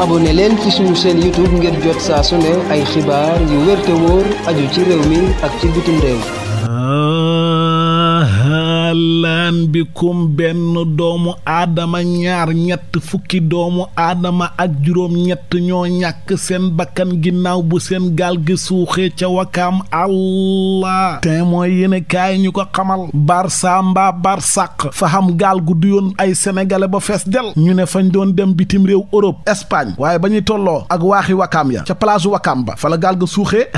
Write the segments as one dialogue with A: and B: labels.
A: abonné leen ci suñu seen YouTube ngir jot saa ay xibaar yu wér te aju ci réew mi ak ci bitim réew ah. naan bikum benn doomu aadama ñaar ñett fukki doomu aadama ak juróom ñett ñoo ñàkk seen bakkan ginnaaw bu seen gaal gi suuxee ca wakaam allah te mooy yéen kaay ñu ko xamal barsa mbaa barsàq fa xam gaal gu yoon ay sénégalais ba fees del ñu ne fañ doon dem bitim réew Europe Espagne waaye ba ñuy tolloo ak waaxi wakaam ya ca palaasu wakaam ba fa la gaal ga suuxee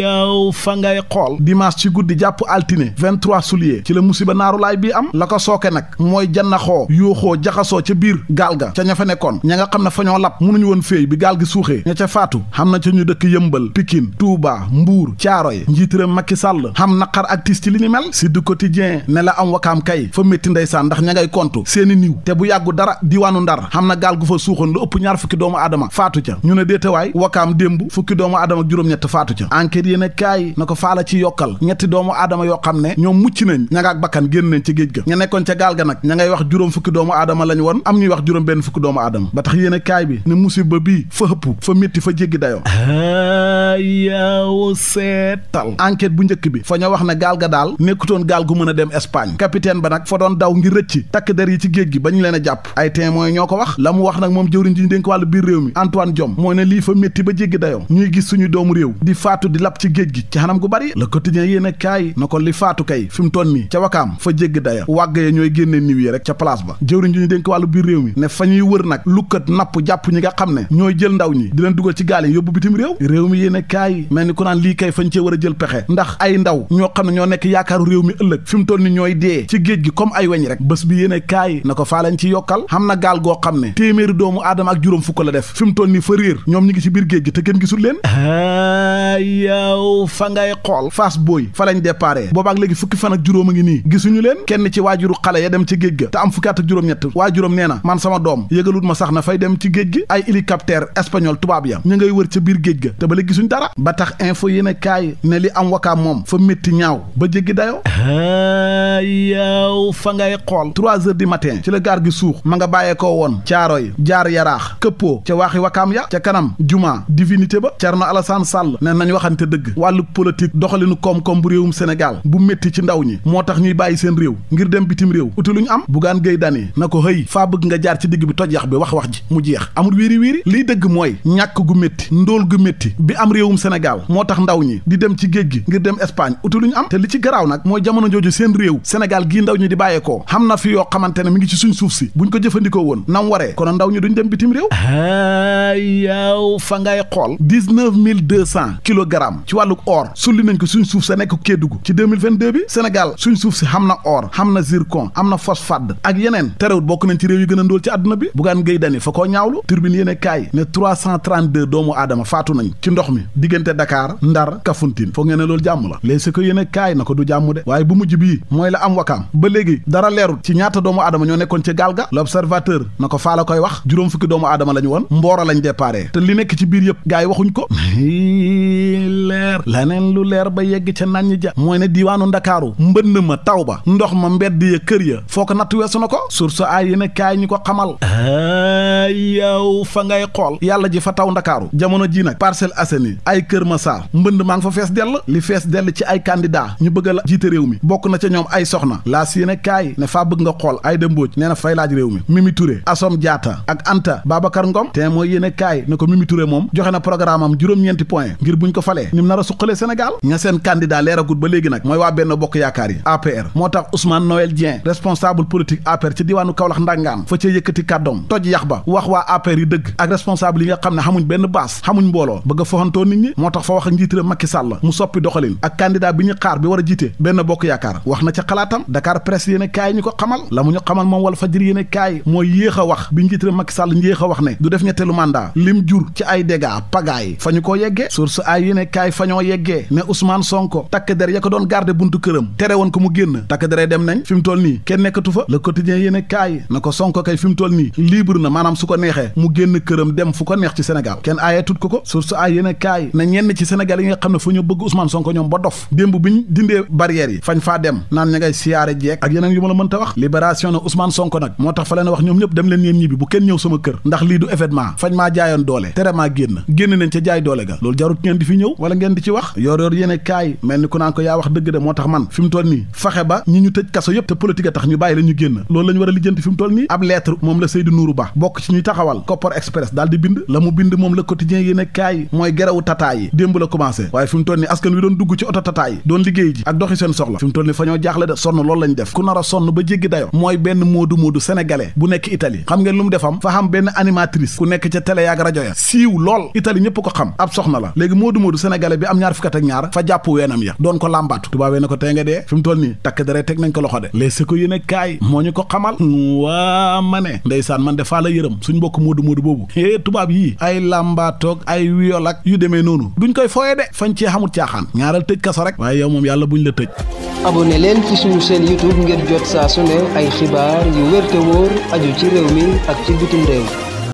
A: yow fa ngay xool dimanche ci guddi jàpp altine 23 juillet musiba naaru laay bii am la ko sooke nag mooy jannaxoo yooxoo jaxasoo ca biir gaal ga ca ña fa nekkoon ña nga xam ne fa ñoo lab mënuñu woon féey bi gaal gi suuxee ña ca faatu xam na ca ñu dëkk yëmbal pikin tuubaa mbuur caaroy njiitëram Macky Sall xam naqar ak tiis ci li ni mel si du quotidien ne la am wakaam kay fa métti ndeysaan ndax ña ngay kontu seeni niiw te bu yàggu dara diwaanu ndar xam na gaal gu fa suuxoon lu ëpp ñaar fukki doomu aadama faatu ca ñu ne déetewaay wakaam démb fukki doomu aadama juróom-ñett faatu ca enquête yéen a kaay na ko faala ci yokkal ñetti doomu aadama yoo xam ne ñoom mucc nañ ak bakkan génn nañ ci géej ga ña nekkoon ca gaal ga nag ña ngay wax juróom fukki doomu aadama lañ woon am ñuy wax juróom benn fukki doomu aadama ba tax yéene kaay bi ne musiba bii fa hëpp fa métti fa jéggi dayoo yaaw seetal enquête bu njëkk bi fa ñoo wax ne gaal ga daal nekkutoon gaal gu mën a dem Espagne capitaine ba nag fa doon daw ngir rëcc takk der yi ci géej gi ba ñu leen a jàpp ay témoin ñoo ko wax la mu wax nag moom jëwriñ ji ñu dénk wàllu biir réew mi Antoine Diome moo ne lii fa métti ba jéggi dayoo suñu doomu réew di faatu di lap ci géej gi ci xanam gu bari le quotidien yéene kaay na ko li faatu fi mu toon nii wakaam fa jégg daya wàgg ya ñooy génnee niw yi rek ca place ba jëwriñ ji ñu dénk wàllu biir réew mi ne fa ñuy wër nag lukkat napp jàpp ñi nga xam ne ñooy jël ndaw ñi di leen dugal ci gaal yi yóbbu bitim réew réew mi yéene kaay mel ni ku naan lii kay fañ cee war a jël pexe ndax ay ndaw ñoo xam ne ñoo nekk yaakaaru réew mi ëllëg fi mu ñooy dee ci géej gi comme ay weñ rek bés bi yéene kaay na ko faa lañ ci yokkal xam na gaal goo xam ne téeméeri la def fi mu toll a nii gisuñu leen kenn ci waajuru xale ya dem ci géej ga te am fukki at ak juróom-ñett waajuram nee na man sama doom yëgalut ma sax na fay dem ci géej gi ay hélicoptère espagnol tubaab ya ñu ngay wër ca biir géej ga te ba léegi gisuñu dara ba tax info yéen a kaay ne li am wakaam moom fa métti ñaaw ba jéggi dayoo yaw fa ngay xool trois heures di matin ci la gaar gi suux ma nga bàyyee bàyyeekoo woon caaroy jaar yaraax këppoo ca waaxi wakaam ya ca kanam jumaa divinité ba Thierno Alassane Sall ne nañ waxante dëgg wàllu politique doxalinu koom bu réewum Sénégal bu métti ci ndaw ñi ñuy bàyyi seen réew ngir dem bitim réew uti lu ñu am bugaan géy dani na ko hëy faa bëgg nga jaar ci digg bi toj yax bi wax wax ji mu jeex amul wiiri wiiri liy dëgg mooy ñàkk gu métti ndóol gu métti bi am réewum Sénégal moo tax ndaw ñi di dem ci géej gi ngir dem Espagne uti lu ñu am te li ci garaaw nag mooy jamono jooju seen réew Sénégal gii ndaw ñi di bàyyeekoo xam na fi yoo xamante ne mi ngi ci suñ suuf si buñ ko jëfandikoo woon nam waree kon ndaw ñi duñ dem bitim réew yaaw fa ngay xool dix-neuf mille deux cent kilogrammes ci wàllu or sulli nañ ko suñ suuf sa nekk Kédougou si xam na or xam na zircon am na phosphate ak yeneen terewut bokk nañ ci réew yi gën ndóol ci àdduna bi Bougane Gueye Dany fa koo ñaawlu turbine yéen kaay ne 332 doomu aadama faatu nañ ci ndox mi diggante Dakar Ndar Kafountine foog ngeen ne loolu jàmm la léegi si ko yéen kaay na ko du jàmm de waaye bu mujj bii mooy la am wakaam ba léegi dara leerut ci ñaata doomu aadama ñoo nekkoon ci gaal ga l'observateur na ko faa la koy wax juróom fukki doomu aadama lañu woon mboora lañ déparé te li nekk ci biir yëpp lu leer ba yegg ca nañ ja mooy ne diiwaanu Ndakaaru mbënd ma taw ba ndox ma mbedd ya kër ya foo ko natt weesu na ko source ay yéen kaay ñu ko xamal ah, fa ngay xool yàlla ji fa taw ndakaaru jamono ji nag Parcelles Assainies ay Kër Massar mbënd maa ngi fa fees dell li fees dell ci ay candidat ñu bëgg a jiite réew mi bokk na ca ñoom ay soxna laas yéene kaay ne faa bëgg nga xool ay dëmbooj nee na fay laaj réew mi Mimi Touré Assome Diatta ak Anta Babacar Ngom te mooy yéene kaay ne ko Mimi Touré moom joxe na programme am juróom-ñeenti point ngir buñ ko falee nim nar a suqalee Sénégal ña seen candidat leeragut ba léegi nag mooy waa benn bokk yaakaar yi APR moo tax Ousmane Noël Dieng responsable politique dëgg ak responsable yi nga xam ne xamuñ benn baas xamuñ mbooloo bëgg a foxantoo nit ñi moo tax fa wax ak njiitaram Macky Sall mu soppi doxalin ak candidat bi ñu xaar bi war a jiite benn bokk yaakaar wax na ca xalaatam Dakar presse yéen kaay ñu ko xamal la xamal moom wala fajir yéen mooy yéex a wax bi njiitaram Macky Sall yéex wax ne du def ñetteelu mandat lim jur ci ay dégâts pagaay fa ñu koo yeggee source ay yéen kaay fa ñoo yeggee ne Ousmane Sonko takk der mu génn takk deree dem nañ fi mu toll nii kenn nekkatu fa le quotidien yéen kaay génn dem fu ko neex ci Sénégal kenn aaye tut ko ko source a yéen kaay na ñenn ci Sénégal yi nga xam ne fu ñu bëgg Ousmane Sonko ñoom ba dof démb bi ñu dindee barrières yi fañ faa dem naan ña ngay siyaare jeeg ak yeneen yu ma la mënta wax libération na Ousmane Sonko nag moo tax fa leen wax ñoom ñëpp dem leen ñibbi bu kenn ñëw sama kër ndax lii du événement fañ maa jaayoon doole tere maa génn génn nañ ca jaay doole ga loolu jarut ngeen di fi ñëw wala express daal bind la mu bind moom le quotidien yéen e kaay mooy gerewu tataa yi démb la commencé waaye fi mu toll ni askan wi doon dugg ci oto tataa yi doon liggéey ji ak doxi seen soxla fi mu toll fa ñoo jaaxle de sonn loolu lañ def ku nar a sonn ba jéggi dayo mooy benn moodu moodu sénégalais bu nekk Italie xam ngeen lu mu defam fa xam benn animatrice ku nekk ca télé yaak rajo ya siiw lool Italie ñëpp ko xam ab soxna la léegi moodu moodu sénégalais bi am ñaar fukkat ak ñaar fa jàpp weenam ya doon ko làmbaatu tubaabee ne ko moo ko xamal waa ma ne ndeysaan man de faa la yërëm suñ mbokk moodu moodu boobu é eh, tubaab yii ay làmbaatoog ay wiyol yu demee noonu buñ koy fooye de fañ cee xamut caaxaan ñaaral tëj kaso rek waaye yow moom yàlla buñu la tëj abonné leen ci suñu chaîne YouTube ngir jot saa su ne ay xibaar yu wér wóor aju ci réew mi ak ci bitim réew